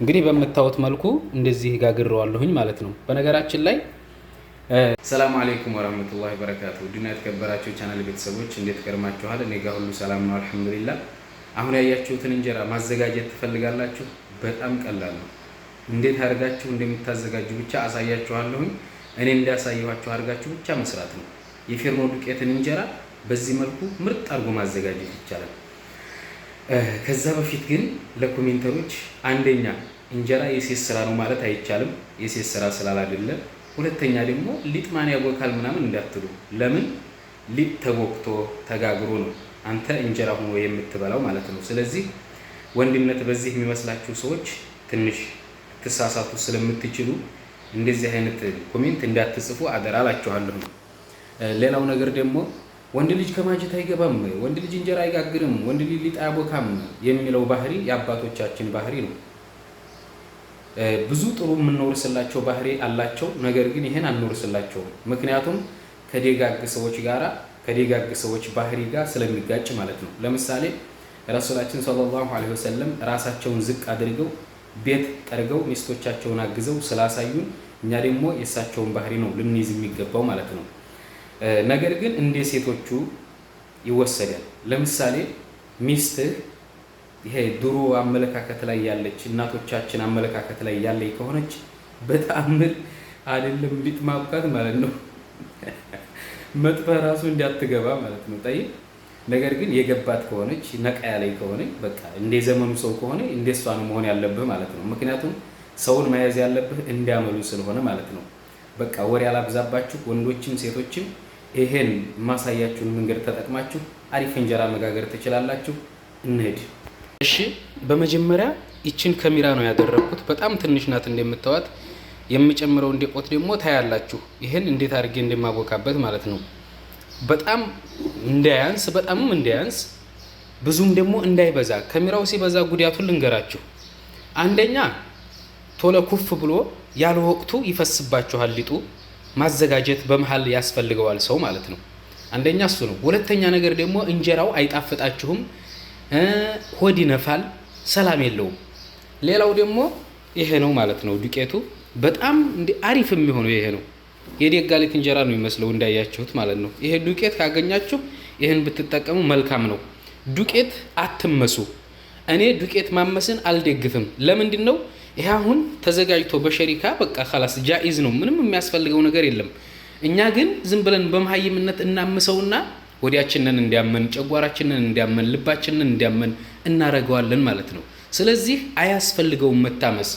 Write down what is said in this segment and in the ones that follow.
እንግዲህ በምታዩት መልኩ እንደዚህ ጋግረዋለሁኝ ማለት ነው። በነገራችን ላይ ሰላም አለይኩም ወራህመቱላሂ ወበረካቱ ድና የተከበራችሁ ቻናል ቤተሰቦች እንዴት ቀርማችኋል? እኔ ጋር ሁሉ ሰላም ነው አልሐምዱሊላህ። አሁን ያያችሁትን እንጀራ ማዘጋጀት ትፈልጋላችሁ? በጣም ቀላል ነው። እንዴት አድርጋችሁ እንደምታዘጋጁ ብቻ አሳያችኋለሁኝ። እኔ እንዳሳየኋችሁ አድርጋችሁ ብቻ መስራት ነው። የፌርኖ ዱቄትን እንጀራ በዚህ መልኩ ምርጥ አድርጎ ማዘጋጀት ይቻላል። ከዛ በፊት ግን ለኮሜንተሮች አንደኛ እንጀራ የሴት ስራ ነው ማለት አይቻልም፣ የሴት ስራ አይደለም። ሁለተኛ ደግሞ ሊጥ ማን ያቦካል ምናምን እንዳትሉ። ለምን ሊጥ ተቦክቶ ተጋግሮ ነው አንተ እንጀራ ሆኖ የምትበላው ማለት ነው። ስለዚህ ወንድነት በዚህ የሚመስላችሁ ሰዎች ትንሽ ትሳሳቱ ስለምትችሉ እንደዚህ አይነት ኮሜንት እንዳትጽፉ አደራ አላችኋለሁ። ሌላው ነገር ደግሞ ወንድ ልጅ ከማጀት አይገባም፣ ወንድ ልጅ እንጀራ አይጋግርም፣ ወንድ ልጅ ሊጥ አያቦካም የሚለው ባህሪ የአባቶቻችን ባህሪ ነው። ብዙ ጥሩ የምንወርስላቸው ባህሪ አላቸው። ነገር ግን ይህን አንወርስላቸውም። ምክንያቱም ከደጋግ ሰዎች ጋራ ከደጋግ ሰዎች ባህሪ ጋር ስለሚጋጭ ማለት ነው። ለምሳሌ ረሱላችን ሰለላሁ ዐለይሂ ወሰለም ራሳቸውን ዝቅ አድርገው ቤት ጠርገው ሚስቶቻቸውን አግዘው ስላሳዩን እኛ ደግሞ የእሳቸውን ባህሪ ነው ልንይዝ የሚገባው ማለት ነው። ነገር ግን እንደ ሴቶቹ ይወሰዳል። ለምሳሌ ሚስትህ ይሄ ድሮ አመለካከት ላይ ያለች እናቶቻችን አመለካከት ላይ ያለች ከሆነች በተአምር አይደለም ሊጥ ማብቃት ማለት ነው፣ መጥፈህ ራሱ እንዳትገባ ማለት ነው። ጠይ ነገር ግን የገባት ከሆነች ነቃ ያለች ከሆነች በቃ እንደ ዘመኑ ሰው ከሆነ እንደ እሷ ነው መሆን ያለብህ ማለት ነው። ምክንያቱም ሰውን መያዝ ያለብህ እንዲያመሉ ስለሆነ ማለት ነው። በቃ ወሬ አላብዛባችሁ ወንዶችም ሴቶችም ይሄን ማሳያችሁን መንገድ ተጠቅማችሁ አሪፍ እንጀራ መጋገር ትችላላችሁ። እንሂድ። እሺ፣ በመጀመሪያ ይችን ከሚራ ነው ያደረግኩት። በጣም ትንሽ ናት እንደምታዋት። የምጨምረው እንደቆት ደግሞ ታያላችሁ። ይሄን እንዴት አድርጌ እንደማቦካበት ማለት ነው። በጣም እንዳያንስ፣ በጣምም እንዳያንስ፣ ብዙም ደግሞ እንዳይበዛ። ከሚራው ሲበዛ ጉዳቱን ልንገራችሁ። አንደኛ ቶሎ ኩፍ ብሎ ያለ ወቅቱ ይፈስባችኋል ሊጡ ማዘጋጀት በመሀል ያስፈልገዋል ሰው ማለት ነው። አንደኛ እሱ ነው። ሁለተኛ ነገር ደግሞ እንጀራው አይጣፍጣችሁም፣ ሆድ ይነፋል፣ ሰላም የለውም። ሌላው ደግሞ ይሄ ነው ማለት ነው። ዱቄቱ በጣም አሪፍ የሚሆነው ይሄ ነው። የደጋሊት እንጀራ ነው የሚመስለው እንዳያችሁት ማለት ነው። ይሄ ዱቄት ካገኛችሁ ይህን ብትጠቀሙ መልካም ነው። ዱቄት አትመሱ። እኔ ዱቄት ማመስን አልደግፍም። ለምንድን ነው ይህ አሁን ተዘጋጅቶ በሸሪካ በቃ ካላስ ጃኢዝ ነው፣ ምንም የሚያስፈልገው ነገር የለም። እኛ ግን ዝም ብለን በመሀይምነት እናምሰውና ወዲያችንን እንዲያመን፣ ጨጓራችንን እንዲያመን፣ ልባችንን እንዲያመን እናረገዋለን ማለት ነው። ስለዚህ አያስፈልገውም መታመስ።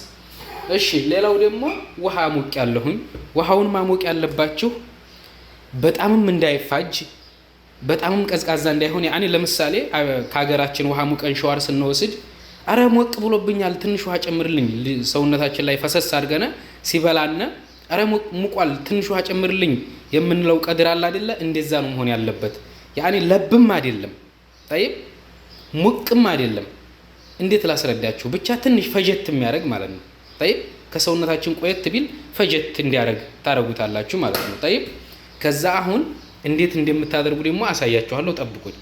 እሺ፣ ሌላው ደግሞ ውሃ ሞቅ ያለሁኝ ውሃውን ማሞቅ ያለባችሁ በጣምም እንዳይፋጅ በጣምም ቀዝቃዛ እንዳይሆን ያኔ ለምሳሌ ከሀገራችን ውሃ ሙቀን ሸዋር ስንወስድ አረ ሞቅ ብሎብኛል፣ ትንሽ ውሃ ጨምርልኝ፣ ሰውነታችን ላይ ፈሰስ አድርገነ ሲበላነ አረ ሙቋል፣ ትንሽ ውሃ ጨምርልኝ የምንለው ቀድር አለ አይደለ? እንደዛ ነው መሆን ያለበት። ያኔ ለብም አይደለም ጠይብ ሙቅም አይደለም። እንዴት ላስረዳችሁ? ብቻ ትንሽ ፈጀት የሚያደርግ ማለት ነው። ጠይብ ከሰውነታችን ቆየት ቢል ፈጀት እንዲያደርግ ታደርጉታላችሁ ማለት ነው። ጠይብ ከዛ አሁን እንዴት እንደምታደርጉ ደግሞ አሳያችኋለሁ፣ ጠብቁኝ።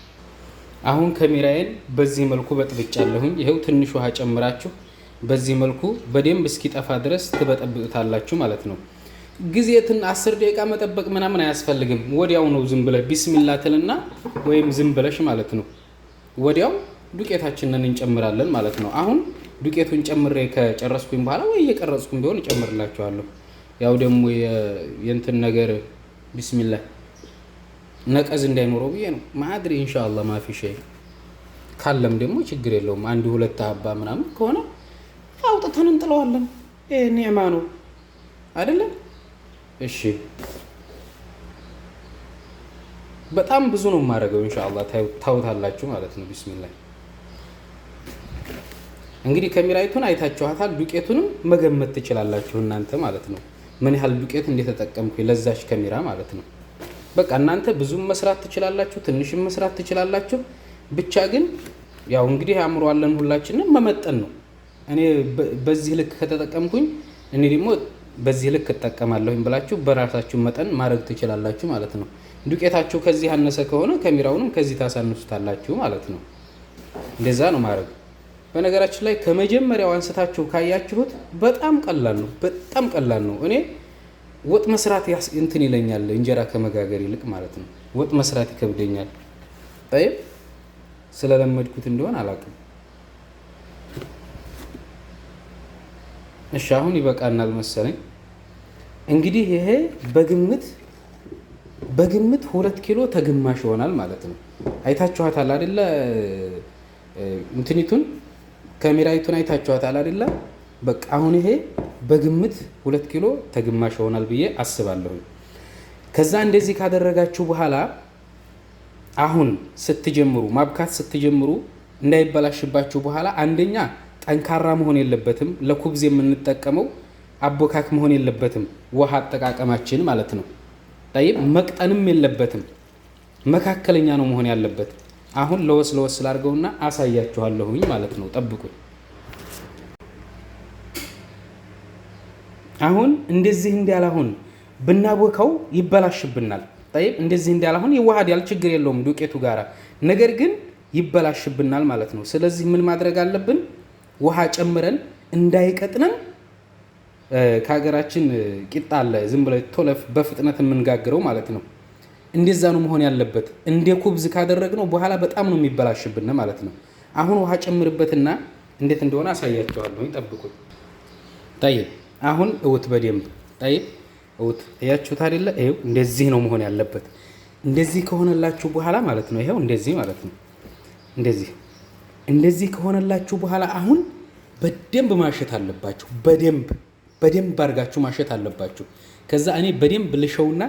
አሁን ከሚራዬን በዚህ መልኩ በጥብጫለሁኝ። ይኸው ትንሽ ውሃ ጨምራችሁ በዚህ መልኩ በደንብ እስኪጠፋ ድረስ ትበጠብጡታላችሁ ማለት ነው። ጊዜትን አስር ደቂቃ መጠበቅ ምናምን አያስፈልግም። ወዲያው ነው ዝም ብለህ ቢስሚላ ትልና ወይም ዝም ብለሽ ማለት ነው ወዲያው ዱቄታችንን እንጨምራለን ማለት ነው። አሁን ዱቄቱን ጨምሬ ከጨረስኩኝ በኋላ ወይ እየቀረጽኩኝ ቢሆን እጨምርላችኋለሁ። ያው ደግሞ የእንትን ነገር ቢስሚላህ ነቀዝ እንዳይኖረው ብዬ ነው። ማድሪ እንሻላ ማፊ ሸይ ካለም ደግሞ ችግር የለውም። አንድ ሁለት አባ ምናምን ከሆነ አውጥተን እንጥለዋለን። ኒዕማ ነው አይደለም? እሺ በጣም ብዙ ነው የማደርገው። እንሻላ ታውታላችሁ ማለት ነው። ቢስሚላ እንግዲህ ከሚራይቱን አይታችኋታል። ዱቄቱንም መገመት ትችላላችሁ እናንተ ማለት ነው። ምን ያህል ዱቄት እንደተጠቀምኩ ለዛች ከሚራ ማለት ነው። በቃ እናንተ ብዙም መስራት ትችላላችሁ፣ ትንሽም መስራት ትችላላችሁ። ብቻ ግን ያው እንግዲህ አእምሮ አለን ሁላችንም መመጠን ነው። እኔ በዚህ ልክ ከተጠቀምኩኝ እኔ ደግሞ በዚህ ልክ እጠቀማለሁኝ ብላችሁ በራሳችሁ መጠን ማድረግ ትችላላችሁ ማለት ነው። ዱቄታችሁ ከዚህ ያነሰ ከሆነ ከሚራውንም ከዚህ ታሳንሱታላችሁ ማለት ነው። እንደዛ ነው ማድረግ። በነገራችን ላይ ከመጀመሪያው አንስታችሁ ካያችሁት በጣም ቀላል ነው። በጣም ቀላል ነው እኔ ወጥ መስራት እንትን ይለኛል፣ እንጀራ ከመጋገር ይልቅ ማለት ነው። ወጥ መስራት ይከብደኛል። ጠይብ ስለለመድኩት እንደሆን አላውቅም። እሺ አሁን ይበቃናል መሰለኝ። እንግዲህ ይሄ በግምት በግምት ሁለት ኪሎ ተግማሽ ይሆናል ማለት ነው። አይታችኋታል አይደለ? እንትኒቱን ካሜራይቱን አይታችኋታል አይደለ? በቃ አሁን ይሄ በግምት ሁለት ኪሎ ተግማሽ ይሆናል ብዬ አስባለሁ። ከዛ እንደዚህ ካደረጋችሁ በኋላ አሁን ስትጀምሩ ማብካት ስትጀምሩ እንዳይበላሽባችሁ በኋላ አንደኛ ጠንካራ መሆን የለበትም። ለኩብዝ የምንጠቀመው አቦካክ መሆን የለበትም። ውሃ አጠቃቀማችን ማለት ነው። ጠይብ መቅጠንም የለበትም። መካከለኛ ነው መሆን ያለበት። አሁን ለወስ ለወስ ላድርገውና አሳያችኋለሁኝ ማለት ነው። ጠብቁኝ። አሁን እንደዚህ እንዳላሁን ብናቦካው ይበላሽብናል። ጠይብ እንደዚህ እንዳላሁን ይዋሃዳል፣ ችግር የለውም ዱቄቱ ጋር ነገር ግን ይበላሽብናል ማለት ነው። ስለዚህ ምን ማድረግ አለብን? ውሃ ጨምረን እንዳይቀጥነን ከሀገራችን ቂጣ አለ ዝም ብለ ቶለፍ በፍጥነት የምንጋግረው ማለት ነው። እንደዛ ነው መሆን ያለበት። እንደ ኩብዝ ካደረግነው በኋላ በጣም ነው የሚበላሽብን ማለት ነው። አሁን ውሃ ጨምርበትና እንዴት እንደሆነ አሳያቸዋለሁ። ይጠብቁኝ። አሁን እውት በደንብ ይ እውት እያችሁት አይደለ? ይኸው እንደዚህ ነው መሆን ያለበት። እንደዚህ ከሆነላችሁ በኋላ ማለት ነው። ይኸው እንደዚህ ማለት ነው። እንደዚህ እንደዚህ ከሆነላችሁ በኋላ አሁን በደንብ ማሸት አለባችሁ። በደንብ በደንብ አድርጋችሁ ማሸት አለባችሁ። ከዛ እኔ በደንብ ልሸውና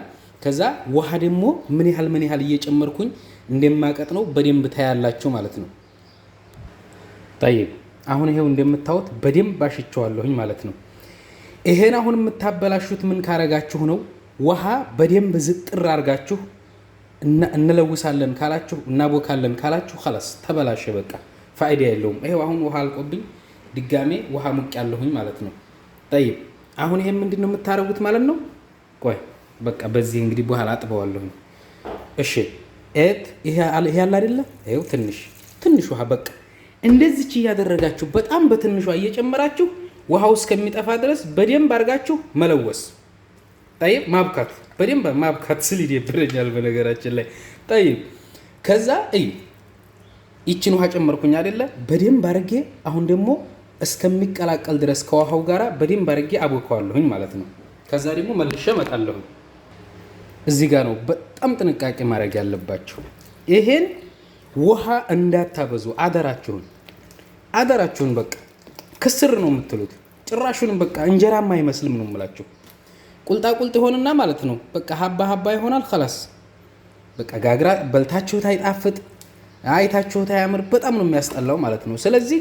ከዛ ውሃ ደግሞ ምን ያህል ምን ያህል እየጨመርኩኝ እንደማቀጥ ነው በደንብ ታያላችሁ ማለት ነው። ጠይብ አሁን ይሄው እንደምታዩት በደንብ አሽቸዋለሁኝ ማለት ነው። ይሄን አሁን የምታበላሹት ምን ካረጋችሁ ነው? ውሃ በደንብ ዝጥር አርጋችሁ እንለውሳለን ካላችሁ እናቦካለን ካላችሁ ላስ ተበላሸ፣ በቃ ፋይዳ የለውም። ይሄው አሁን ውሃ አልቆብኝ ድጋሜ ውሃ ሙቅ ያለሁኝ ማለት ነው። ጠይብ አሁን ይሄ ምንድን ነው የምታረጉት ማለት ነው? ቆይ በቃ በዚህ እንግዲህ በኋላ አጥበዋለሁኝ። እሺ ኤት ይሄ አለ አይደለ? ይኸው ትንሽ ትንሽ ውሃ በቃ እንደዚች እያደረጋችሁ በጣም በትንሿ እየጨመራችሁ ውሃው እስከሚጠፋ ድረስ በደንብ አድርጋችሁ መለወስ ይ ማብካት በደንብ ማብካት ስል ይደብረኛል በነገራችን ላይ ይ ከዛ እይ ይችን ውሃ ጨመርኩኝ አደለ በደንብ አድርጌ አሁን ደግሞ እስከሚቀላቀል ድረስ ከውሃው ጋር በደንብ አድርጌ አቦከዋለሁኝ ማለት ነው። ከዛ ደግሞ መልሼ እመጣለሁኝ። እዚህ ጋር ነው በጣም ጥንቃቄ ማድረግ ያለባቸው። ይሄን ውሃ እንዳታበዙ አደራችሁን፣ አደራችሁን በቃ ክስር ነው የምትሉት። ጭራሹንም በቃ እንጀራም አይመስልም ነው የምላችሁ። ቁልጣ ቁልጥ ይሆንና ማለት ነው በቃ ሀባ ሀባ ይሆናል። ከላስ በቃ ጋግራ በልታችሁት አይጣፍጥ፣ አይታችሁት አያምር። በጣም ነው የሚያስጠላው ማለት ነው። ስለዚህ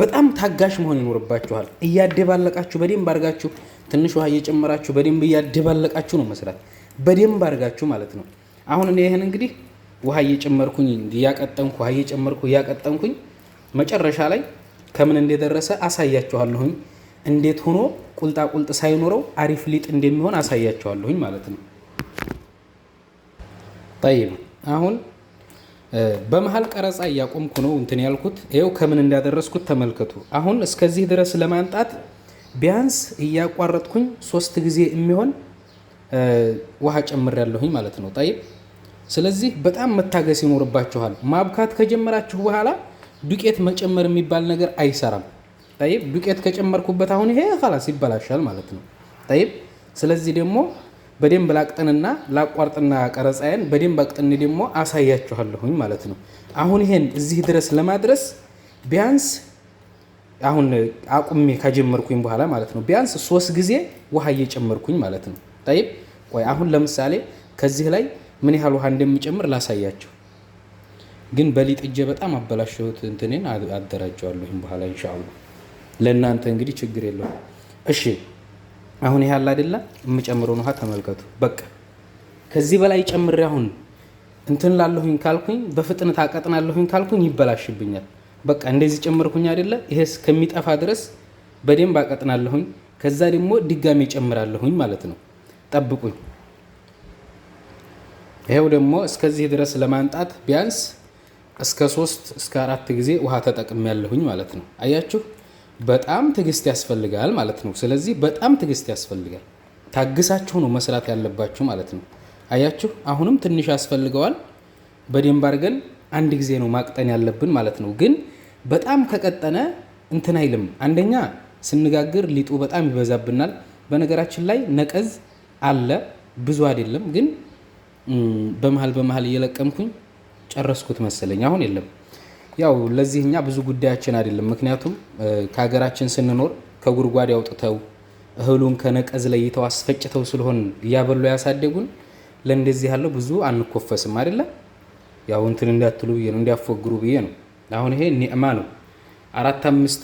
በጣም ታጋሽ መሆን ይኖርባችኋል። እያደባለቃችሁ በደንብ አድርጋችሁ ትንሽ ውሃ እየጨመራችሁ በደንብ እያደባለቃችሁ ነው መስራት፣ በደንብ አድርጋችሁ ማለት ነው። አሁን እኔ ይህን እንግዲህ ውሃ እየጨመርኩኝ እያቀጠንኩ ውሃ እየጨመርኩ እያቀጠንኩኝ መጨረሻ ላይ ከምን እንደደረሰ አሳያችኋለሁኝ። እንዴት ሆኖ ቁልጣ ቁልጥ ሳይኖረው አሪፍ ሊጥ እንደሚሆን አሳያችኋለሁኝ ማለት ነው። ጠይብ አሁን በመሀል ቀረጻ እያቆምኩ ነው እንትን ያልኩት። ይኸው ከምን እንዳደረስኩት ተመልከቱ። አሁን እስከዚህ ድረስ ለማንጣት ቢያንስ እያቋረጥኩኝ ሶስት ጊዜ የሚሆን ውሃ ጨምር ያለሁኝ ማለት ነው። ጠይብ ስለዚህ በጣም መታገስ ይኖርባችኋል። ማብካት ከጀመራችሁ በኋላ ዱቄት መጨመር የሚባል ነገር አይሰራም። ጠይብ ዱቄት ከጨመርኩበት አሁን ይሄ ላስ ይበላሻል ማለት ነው። ጠይብ ስለዚህ ደግሞ በደንብ ላቅጥንና ላቋርጥና ቀረጻዬን በደንብ አቅጥን ደግሞ አሳያችኋለሁኝ ማለት ነው። አሁን ይሄን እዚህ ድረስ ለማድረስ ቢያንስ አሁን አቁሜ ከጀመርኩኝ በኋላ ማለት ነው ቢያንስ ሶስት ጊዜ ውሃ እየጨመርኩኝ ማለት ነው። ጠይብ ቆይ አሁን ለምሳሌ ከዚህ ላይ ምን ያህል ውሃ እንደሚጨምር ላሳያችሁ። ግን በሊጥ እጄ በጣም አበላሸሁት። እንትኔን አደራጀዋለሁኝ በኋላ ኢንሻአላ። ለእናንተ እንግዲህ ችግር የለውም። እሺ አሁን ይሄ አለ አይደለ የምጨምረውን ውሃ ተመልከቱ። በቃ ከዚህ በላይ ጨምሬ አሁን እንትን ላለሁኝ ካልኩኝ፣ በፍጥነት አቀጥናለሁኝ ካልኩኝ ይበላሽብኛል። በቃ እንደዚህ ጨምርኩኝ አይደለ? ይሄ እስከሚጠፋ ድረስ በደንብ አቀጥናለሁኝ። ከዛ ደግሞ ድጋሜ ጨምራለሁኝ ማለት ነው። ጠብቁኝ። ይሄው ደግሞ እስከዚህ ድረስ ለማንጣት ቢያንስ እስከ ሶስት እስከ አራት ጊዜ ውሃ ተጠቅም ያለሁኝ ማለት ነው። አያችሁ በጣም ትዕግስት ያስፈልጋል ማለት ነው። ስለዚህ በጣም ትዕግስት ያስፈልጋል። ታግሳችሁ ነው መስራት ያለባችሁ ማለት ነው። አያችሁ አሁንም ትንሽ ያስፈልገዋል። በደንብ አድርገን አንድ ጊዜ ነው ማቅጠን ያለብን ማለት ነው። ግን በጣም ከቀጠነ እንትን አይልም። አንደኛ ስንጋግር ሊጡ በጣም ይበዛብናል። በነገራችን ላይ ነቀዝ አለ ብዙ አይደለም፣ ግን በመሀል በመሀል እየለቀምኩኝ ጨረስኩት መሰለኝ። አሁን የለም። ያው ለዚህ እኛ ብዙ ጉዳያችን አይደለም። ምክንያቱም ከሀገራችን ስንኖር ከጉድጓድ ያውጥተው እህሉን ከነቀዝ ለይተው አስፈጭተው ስለሆን እያበሉ ያሳደጉን ለእንደዚህ ያለው ብዙ አንኮፈስም አይደለም። ያው እንትን እንዳትሉ ብዬ ነው እንዲያፎግሩ ብዬ ነው። አሁን ይሄ ኒዕማ ነው። አራት አምስት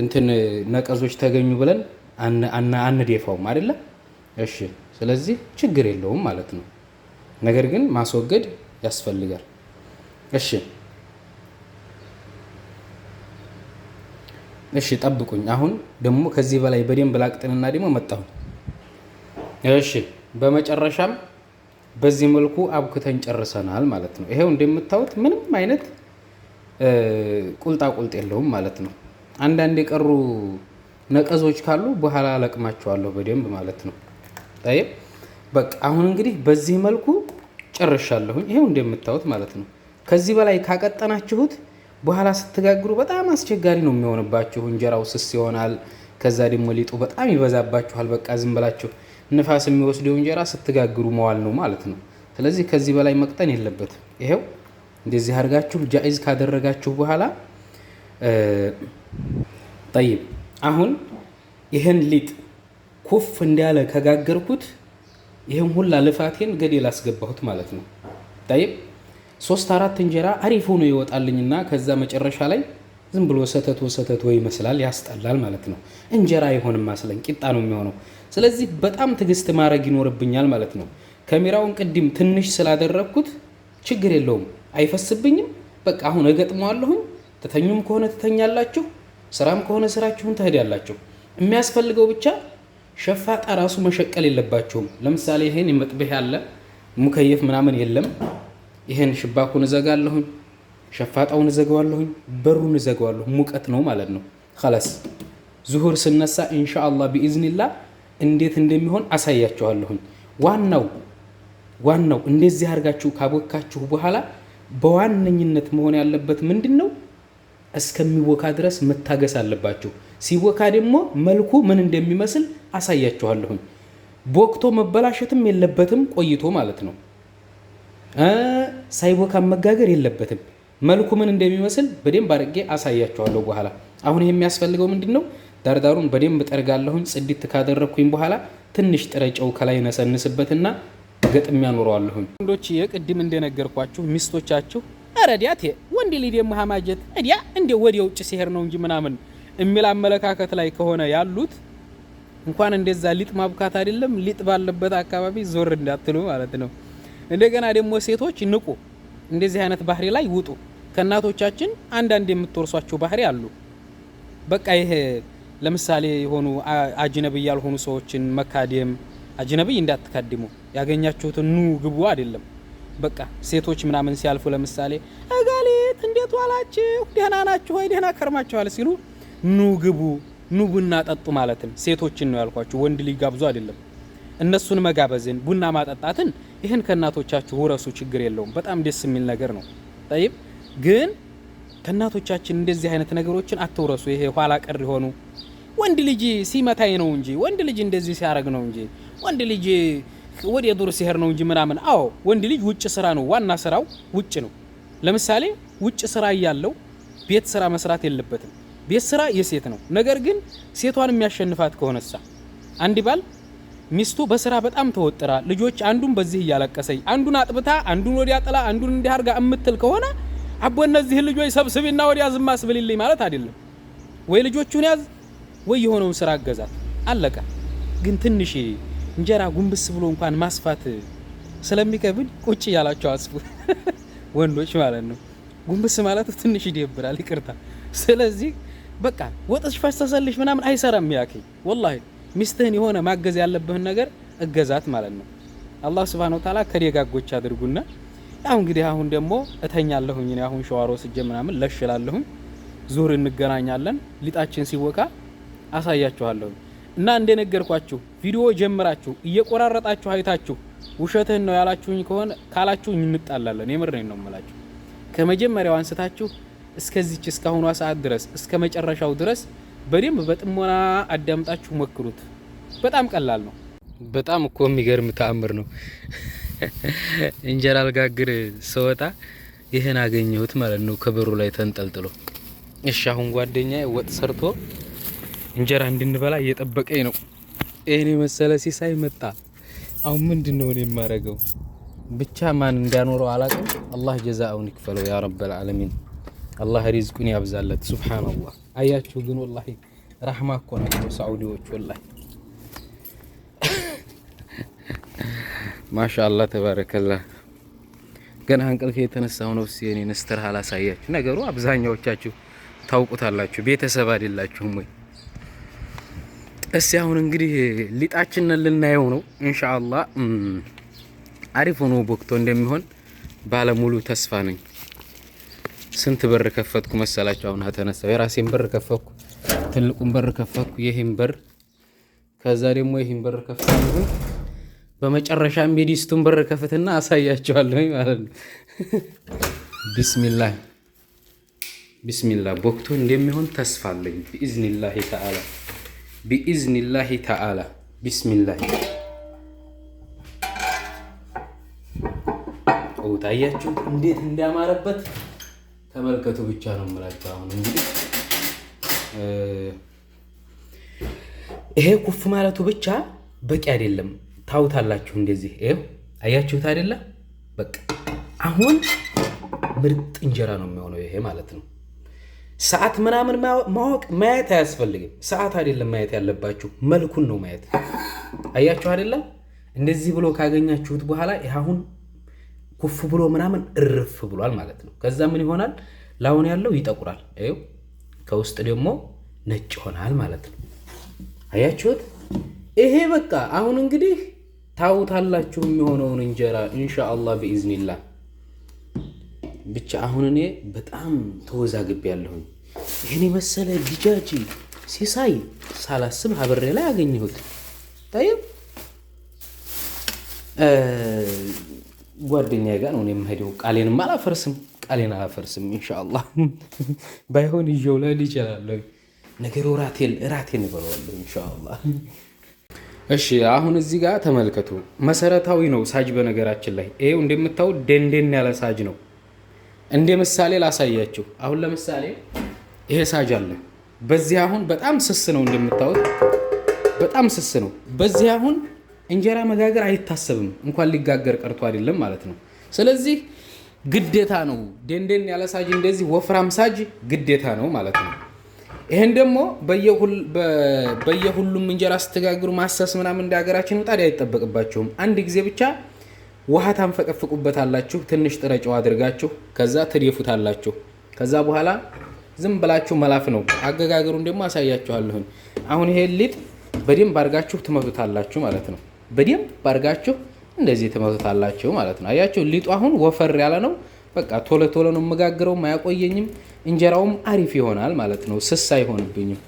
እንትን ነቀዞች ተገኙ ብለን አንዴፋውም አይደለም። እሺ፣ ስለዚህ ችግር የለውም ማለት ነው። ነገር ግን ማስወገድ ያስፈልጋል። እሺ እሺ ጠብቁኝ። አሁን ደግሞ ከዚህ በላይ በደንብ ላቅጥንና ደግሞ መጣሁ። እሺ በመጨረሻም በዚህ መልኩ አብክተን ጨርሰናል ማለት ነው። ይሄው እንደምታዩት ምንም አይነት ቁልጣቁልጥ የለውም ማለት ነው። አንዳንድ የቀሩ ነቀዞች ካሉ በኋላ ለቅማቸዋለሁ በደንብ ማለት ነው። በቃ አሁን እንግዲህ በዚህ መልኩ ጨርሻለሁኝ። ይሄው እንደምታዩት ማለት ነው። ከዚህ በላይ ካቀጠናችሁት በኋላ ስትጋግሩ በጣም አስቸጋሪ ነው የሚሆንባችሁ። እንጀራው ስስ ይሆናል። ከዛ ደግሞ ሊጡ በጣም ይበዛባችኋል። በቃ ዝም ብላችሁ ንፋስ የሚወስደው እንጀራ ስትጋግሩ መዋል ነው ማለት ነው። ስለዚህ ከዚህ በላይ መቅጠን የለበትም። ይሄው እንደዚህ አድርጋችሁ ጃኢዝ ካደረጋችሁ በኋላ ጠይብ፣ አሁን ይህን ሊጥ ኩፍ እንዳለ ከጋገርኩት ይህም ሁላ ልፋቴን ገዴል አስገባሁት ማለት ነው። ጠይብ ሶስት አራት እንጀራ አሪፍ ሆኖ ይወጣልኝና ከዛ መጨረሻ ላይ ዝም ብሎ ወሰተት ወይ ይመስላል፣ ያስጠላል ማለት ነው። እንጀራ አይሆንም ማስለኝ ቂጣ ነው የሚሆነው። ስለዚህ በጣም ትግስት ማድረግ ይኖርብኛል ማለት ነው። ከሚራውን ቅድም ትንሽ ስላደረግኩት ችግር የለውም አይፈስብኝም። በቃ አሁን እገጥመዋለሁኝ። ትተኙም ከሆነ ትተኛላችሁ፣ ስራም ከሆነ ስራችሁን ትሄዳላችሁ። የሚያስፈልገው ብቻ ሸፋጣ ራሱ መሸቀል የለባቸውም። ለምሳሌ ይሄን የመጥበህ ያለ ሙከየፍ ምናምን የለም። ይሄን ሽባኩን እዘጋለሁኝ፣ ሸፋጣውን እዘጋዋለሁኝ፣ በሩን እዘጋዋለሁ። ሙቀት ነው ማለት ነው። ኸላስ ዙሁር ስነሳ ኢንሻአላህ ቢኢዝኒላ እንዴት እንደሚሆን አሳያችኋለሁኝ። ዋናው ዋናው እንደዚህ አድርጋችሁ ካቦካችሁ በኋላ በዋነኝነት መሆን ያለበት ምንድን ነው? እስከሚቦካ ድረስ መታገስ አለባችሁ። ሲቦካ ደግሞ መልኩ ምን እንደሚመስል አሳያችኋለሁኝ። ቦክቶ መበላሸትም የለበትም ቆይቶ ማለት ነው። ሳይቦካ መጋገር የለበትም። መልኩ ምን እንደሚመስል በደንብ አድርጌ አሳያችኋለሁ በኋላ። አሁን የሚያስፈልገው ምንድን ነው? ዳርዳሩን በደንብ ጠርጋለሁኝ። ጽድት ካደረግኩኝ በኋላ ትንሽ ጥረጨው ከላይ ነሰንስበትና ገጥሚያ ያኖረዋለሁኝ። ወንዶች የቅድም እንደነገርኳችሁ ሚስቶቻችሁ ረዲያት ወንድ ልጅ ሀማጀት እዲያ እንደ ወደ ውጭ ሲሄር ነው እንጂ ምናምን የሚል አመለካከት ላይ ከሆነ ያሉት እንኳን እንደዛ ሊጥ ማብካት አይደለም ሊጥ ባለበት አካባቢ ዞር እንዳትሉ ማለት ነው። እንደገና ደግሞ ሴቶች ንቁ፣ እንደዚህ አይነት ባህሪ ላይ ውጡ። ከእናቶቻችን አንዳንድ የምትወርሷቸው ባህሪ አሉ። በቃ ይሄ ለምሳሌ የሆኑ አጅነብይ ያልሆኑ ሰዎችን መካደም፣ አጅነብይ እንዳትካድሙ፣ ያገኛችሁትን ኑ ግቡ አይደለም። በቃ ሴቶች ምናምን ሲያልፉ ለምሳሌ እገሊት እንዴት ዋላችሁ፣ ደህና ናችሁ ወይ፣ ደህና ከርማችኋል ሲሉ ኑ ግቡ፣ ኑ ቡና ጠጡ ማለትን ሴቶችን ነው ያልኳችሁ። ወንድ ሊጋብዙ አይደለም። እነሱን መጋበዝን ቡና ማጠጣትን ይህን ከእናቶቻችሁ ውረሱ፣ ችግር የለውም። በጣም ደስ የሚል ነገር ነው። ጠይብ ግን ከእናቶቻችን እንደዚህ አይነት ነገሮችን አትውረሱ። ይሄ ኋላ ቀር የሆኑ ወንድ ልጅ ሲመታኝ ነው እንጂ ወንድ ልጅ እንደዚህ ሲያደርግ ነው እንጂ ወንድ ልጅ ወደ ዱር ሲሄድ ነው እንጂ ምናምን። አዎ ወንድ ልጅ ውጭ ስራ ነው ዋና ስራው ውጭ ነው። ለምሳሌ ውጭ ስራ እያለው ቤት ስራ መስራት የለበትም። ቤት ስራ የሴት ነው። ነገር ግን ሴቷን የሚያሸንፋት ከሆነሳ አንድ ባል ሚስቱ በስራ በጣም ተወጥራ ልጆች አንዱን በዚህ እያለቀሰኝ አንዱን አጥብታ አንዱን ወዲያ ጥላ አንዱን እንዲህ አድርጋ እምትል ከሆነ አቦ እነዚህን ልጆች ሰብስቢና ወዲያ ዝም አስብልልኝ ማለት አይደለም። ወይ ልጆቹን ያዝ ወይ የሆነውን ስራ አገዛት፣ አለቀ። ግን ትንሽ እንጀራ ጉንብስ ብሎ እንኳን ማስፋት ስለሚከብድ ቁጭ እያላቸው አስፉ፣ ወንዶች ማለት ነው። ጉንብስ ማለት ትንሽ ይደብራል፣ ይቅርታ። ስለዚህ በቃ ወጥሽ ፈሰሰልሽ ምናምን አይሰራም። ያኪ ወላሂ ሚስትህን የሆነ ማገዝ ያለብህን ነገር እገዛት ማለት ነው። አላህ ስብሃነ ወተዓላ ከደጋጎች አድርጉና ያው እንግዲህ አሁን ደግሞ እተኛለሁኝ እኔ አሁን ሸዋሮ ስጀ ምናምን ለሽላለሁኝ ዙር እንገናኛለን። ሊጣችን ሲወቃ አሳያችኋለሁ እና እንደነገርኳችሁ ቪዲዮ ጀምራችሁ እየቆራረጣችሁ አይታችሁ ውሸትህን ነው ያላችሁኝ ከሆነ ካላችሁኝ እንጣላለን። የምር ነው የምላችሁ ከመጀመሪያው አንስታችሁ እስከዚች እስካሁኗ ሰዓት ድረስ እስከ መጨረሻው ድረስ በደንብ በጥሞና አዳምጣችሁ ሞክሩት። በጣም ቀላል ነው። በጣም እኮ የሚገርም ተአምር ነው። እንጀራ አልጋግር ስወጣ ይህን አገኘሁት ማለት ነው፣ ከበሩ ላይ ተንጠልጥሎ። እሺ አሁን ጓደኛ ወጥ ሰርቶ እንጀራ እንድንበላ እየጠበቀኝ ነው። ይህን የመሰለ ሲሳይ መጣ። አሁን ምንድን ነው እኔ የማደርገው? ብቻ ማን እንዳኖረው አላቀም? አላህ ጀዛውን ይክፈለው ያ ረብ አልዓለሚን። አላህ ሪዝቁን ያብዛለት። ሱብሓነላህ አያችሁ። ግን ወላሂ ራህማ እኮ ናቸው ሳዑዲዎች ወላሂ ማሻአላህ ተባረከላህ። ገና እንቅልፌ የተነሳው ነፍሴ እኔን እስትርሃ ላሳያችሁ። ነገሩ አብዛኛዎቻችሁ ታውቁታላችሁ፣ ቤተሰብ አይደላችሁም ወይ? እስቲ አሁን እንግዲህ ሊጣችንን ልናየው ነው ኢንሻአላህ። አሪፍ ሆኖ ቦክቶ እንደሚሆን ባለሙሉ ተስፋ ነኝ። ስንት በር ከፈትኩ መሰላችሁ? አሁን ተነሳው የራሴን በር ከፈትኩ፣ ትልቁን በር ከፈትኩ፣ ይህን በር ከዛ ደግሞ ይህን በር ከፈትኩ። በመጨረሻ ሜዲስቱን በር ከፍትና አሳያቸዋለሁ ማለት ነው። ቢስሚላህ ቢስሚላህ። ቦክቶ እንደሚሆን ተስፋ አለኝ ቢኢዝኒላሂ ተዓላ ቢኢዝኒላሂ ተዓላ ቢስሚላህ። ታያችሁ እንዴት እንዳማረበት ተመልከቱ ብቻ ነው የምላቸው። አሁን እንግዲህ ይሄ ኩፍ ማለቱ ብቻ በቂ አይደለም። ታውታላችሁ እንደዚህ ይኸው አያችሁት አይደለ? በቃ አሁን ምርጥ እንጀራ ነው የሚሆነው ይሄ ማለት ነው። ሰዓት ምናምን ማወቅ ማየት አያስፈልግም። ሰዓት አይደለም ማየት ያለባችሁ፣ መልኩን ነው ማየት። አያችሁ አይደለም? እንደዚህ ብሎ ካገኛችሁት በኋላ ይህ አሁን ኩፍ ብሎ ምናምን እርፍ ብሏል ማለት ነው። ከዛ ምን ይሆናል? ላሁን ያለው ይጠቁራል፣ ይኸው ከውስጥ ደግሞ ነጭ ይሆናል ማለት ነው። አያችሁት? ይሄ በቃ አሁን እንግዲህ ታውታላችሁ የሚሆነውን እንጀራ ኢንሻአላህ ብኢዝኒላ። ብቻ አሁን እኔ በጣም ተወዛግቤ ያለሁኝ ይህን የመሰለ ዲጃጂ ሲሳይ ሳላስብ አብሬ ላይ አገኘሁት። ጓደኛ ጋር ነው የምሄደው። ቃሌንም አላፈርስም፣ ቃሌን አላፈርስም። እንሻላ ባይሆን ይዤው ልሄድ ይችላለሁ። ነገሩ ራቴን ራቴን እበለዋለሁ ኢንሻአላ። እሺ አሁን እዚህ ጋር ተመልከቱ። መሰረታዊ ነው ሳጅ። በነገራችን ላይ ይሄው እንደምታዩት ደንደን ያለ ሳጅ ነው። እንደ ምሳሌ ላሳያችሁ። አሁን ለምሳሌ ይሄ ሳጅ አለ። በዚህ አሁን በጣም ስስ ነው እንደምታዩት፣ በጣም ስስ ነው። በዚህ አሁን እንጀራ መጋገር አይታሰብም፣ እንኳን ሊጋገር ቀርቶ አይደለም ማለት ነው። ስለዚህ ግዴታ ነው። ደንደን ያለ ሳጅ፣ እንደዚህ ወፍራም ሳጅ ግዴታ ነው ማለት ነው። ይህን ደግሞ በየሁሉም እንጀራ ስትጋግሩ ማሰስ ምናምን እንደ ሀገራችን ምጣድ አይጠበቅባቸውም። አንድ ጊዜ ብቻ ውሃ ታንፈቀፍቁበታላችሁ። ትንሽ ጥረጫው አድርጋችሁ ከዛ ትደፉታላችሁ። ከዛ በኋላ ዝም ብላችሁ መላፍ ነው። አገጋገሩን ደግሞ አሳያችኋለሁኝ። አሁን ይሄ ሊጥ በደንብ አድርጋችሁ ትመቱታላችሁ ማለት ነው። በደንብ አድርጋችሁ እንደዚህ ትመቱታላችሁ ማለት ነው። አያችሁ ሊጡ አሁን ወፈር ያለ ነው። በቃ ቶሎ ቶሎ ነው የምጋግረው፣ አያቆየኝም። እንጀራውም አሪፍ ይሆናል ማለት ነው፣ ስስ አይሆንብኝም።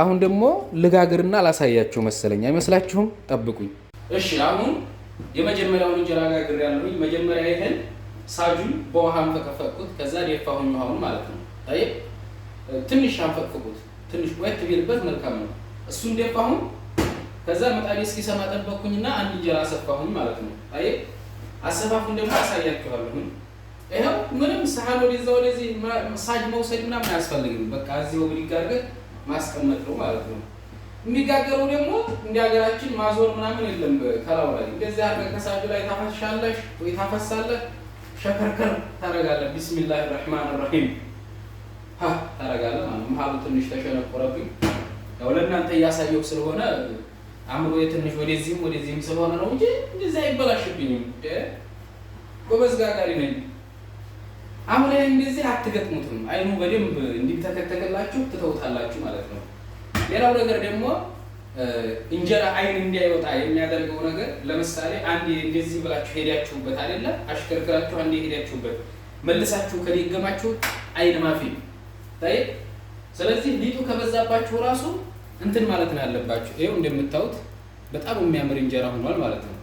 አሁን ደግሞ ልጋግርና ላሳያችሁ መሰለኝ፣ አይመስላችሁም? ጠብቁኝ። እሺ፣ አሁን የመጀመሪያውን እንጀራ ጋግር ያለሁኝ። መጀመሪያ ይህን ሳጁን በውሃም ተከፈቅኩት፣ ከዛ ደፋሁኝ አሁን ማለት ነው። ይ ትንሽ አንፈቅፍቁት፣ ትንሽ ቆየት ቢልበት መልካም ነው። እሱ እንደፋሁን ከዛ ምጣዴ እስኪሰማ ጠበቅኩኝና አንድ እንጀራ አሰፋሁኝ ማለት ነው። አይ አሰፋፉን ደግሞ አሳያችኋለሁኝ። ይኸው ምንም ሳህን ወደዛ ወደዚህ ሳጅ መውሰድ ምናምን አያስፈልግም። በቃ እዚህ ወግ ሊጋገር ማስቀመጥ ነው ማለት ነው። የሚጋገሩ ደግሞ እንደ ሀገራችን ማዞር ምናምን የለም። ከላው ላይ እንደዚህ አድርገህ ከሳጁ ላይ ታፈሻለሽ ወይ ታፈሳለህ፣ ሸከርከር ታደርጋለህ። ቢስሚላህ ራህማን ራሂም ታደርጋለህ ማለት መሀሉ ትንሽ ተሸነቆረብኝ። ያው ለእናንተ እያሳየው ስለሆነ አእምሮ የትንሽ ወደዚህም ወደዚህም ስለሆነ ነው እንጂ እንደዚህ አይበላሽብኝም። ጎበዝ ጋጋሪ ነኝ። አሁን እንደዚህ አትገጥሙትም። አይኑ በደንብ እንዲተከተክላችሁ ትተውታላችሁ ማለት ነው። ሌላው ነገር ደግሞ እንጀራ አይን እንዲያይወጣ የሚያደርገው ነገር ለምሳሌ አንዴ እንደዚህ ብላችሁ ሄዳችሁበት አይደለ? አሽከርክራችሁ አንድ ሄዳችሁበት መልሳችሁ ከደገማችሁ አይን ማፊ ታይ። ስለዚህ ሊጡ ከበዛባችሁ ራሱ እንትን ማለት ነው ያለባችሁ። ይኸው እንደምታዩት በጣም የሚያምር እንጀራ ሆኗል ማለት ነው።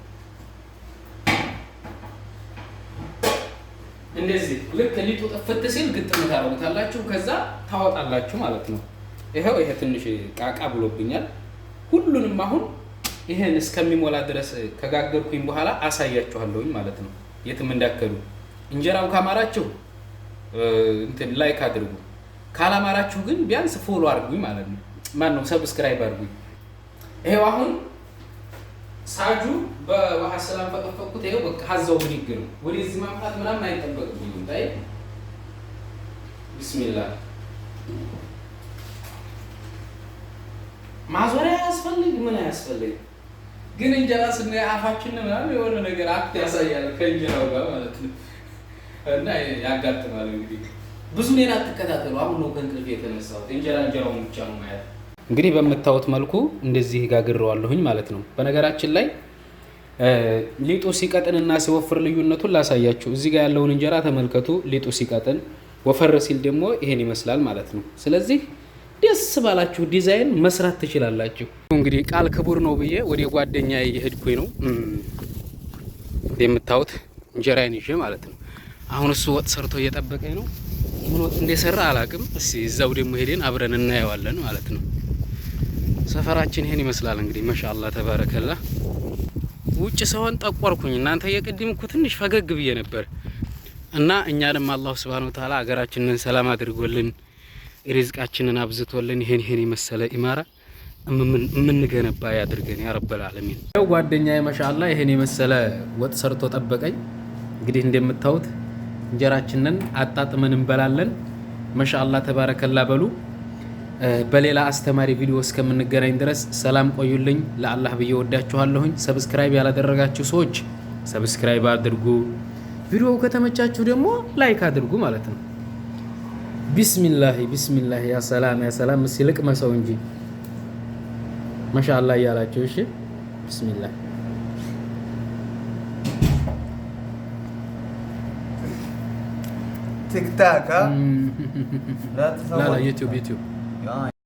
እንደዚህ ልክ ሊጡ ጥፍት ሲል ግጥም ታደርጉታላችሁ፣ ከዛ ታወጣላችሁ ማለት ነው። ይኸው ይሄ ትንሽ ቃቃ ብሎብኛል። ሁሉንም አሁን ይህን እስከሚሞላ ድረስ ከጋገርኩኝ በኋላ አሳያችኋለሁኝ ማለት ነው። የትም እንዳከሉ እንጀራው ካማራችሁ እንትን ላይክ አድርጉ፣ ካላማራችሁ ግን ቢያንስ ፎሎ አድርጉኝ ማለት ነው። ማን ነው ሰብስክራይብ አድርጉኝ። ይሄው አሁን ሳጁ በውሃ ሰላም ፈቀፈቁት። ይሄው በቃ ሀዛው ብድግ ነው። ወደዚህ ማምጣት ምናምን አይጠበቅብኝም። ታይ ቢስሚላ ማዞሪያ አያስፈልግ ምን አያስፈልግ። ግን እንጀራ ስናይ አፋችን ምናምን የሆነ ነገር አክት ያሳያል ከእንጀራው ጋር ማለት ነው። እና ያጋጥማል እንግዲህ ብዙ ኔን አትከታተሉ። አሁን ነው ከእንቅልፍ የተነሳሁት። እንጀራ እንጀራውን ብቻ ነው ማየት እንግዲህ በምታዩት መልኩ እንደዚህ ጋግረዋለሁኝ ማለት ነው። በነገራችን ላይ ሊጡ ሲቀጥንና ሲወፍር ልዩነቱን ላሳያችሁ። እዚህ ጋር ያለውን እንጀራ ተመልከቱ። ሊጡ ሲቀጥን ወፈር ሲል ደግሞ ይሄን ይመስላል ማለት ነው። ስለዚህ ደስ ባላችሁ ዲዛይን መስራት ትችላላችሁ። እንግዲህ ቃል ክቡር ነው ብዬ ወደ ጓደኛ እየሄድኩኝ ነው። የምታዩት እንጀራዬን ይዤ ማለት ነው። አሁን እሱ ወጥ ሰርቶ እየጠበቀኝ ነው። ምን ወጥ እንደሰራ አላቅም። እስኪ እዛው ደግሞ ሄደን አብረን እናየዋለን ማለት ነው። ሰፈራችን ይሄን ይመስላል እንግዲህ ማሻአላ ተባረከላ። ውጭ ሰውን ጠቆርኩኝ እናንተ። የቅድም እኮ ትንሽ ፈገግ ብዬ ነበር እና እኛ ደግሞ አላሁ ሱብሃነሁ ወተዓላ ሀገራችንን ሰላም አድርጎልን ሪዝቃችንን አብዝቶልን ይሄን ይሄን የመሰለ ኢማራ የምንገነባ ያድርገን ያ ረበል ዓለሚን። ያው ጓደኛዬ ማሻአላ ይሄን የመሰለ ወጥ ሰርቶ ጠበቀኝ። እንግዲህ እንደምታዩት እንጀራችንን አጣጥመን እንበላለን። ማሻአላ ተባረከላ በሉ። በሌላ አስተማሪ ቪዲዮ እስከምንገናኝ ድረስ ሰላም ቆዩልኝ። ለአላህ ብዬ ወዳችኋለሁኝ። ሰብስክራይብ ያላደረጋችሁ ሰዎች ሰብስክራይብ አድርጉ። ቪዲዮ ከተመቻችሁ ደግሞ ላይክ አድርጉ ማለት ነው። ቢስሚላህ ቢስሚላህ፣ ያ ሰላም ያ ሰላም፣ ሲልቅ መሰው እንጂ ማሻአላህ እያላቸው እሺ፣ ቢስሚላህ ቲክታክ ዩቲዩብ ዩቲዩብ Ya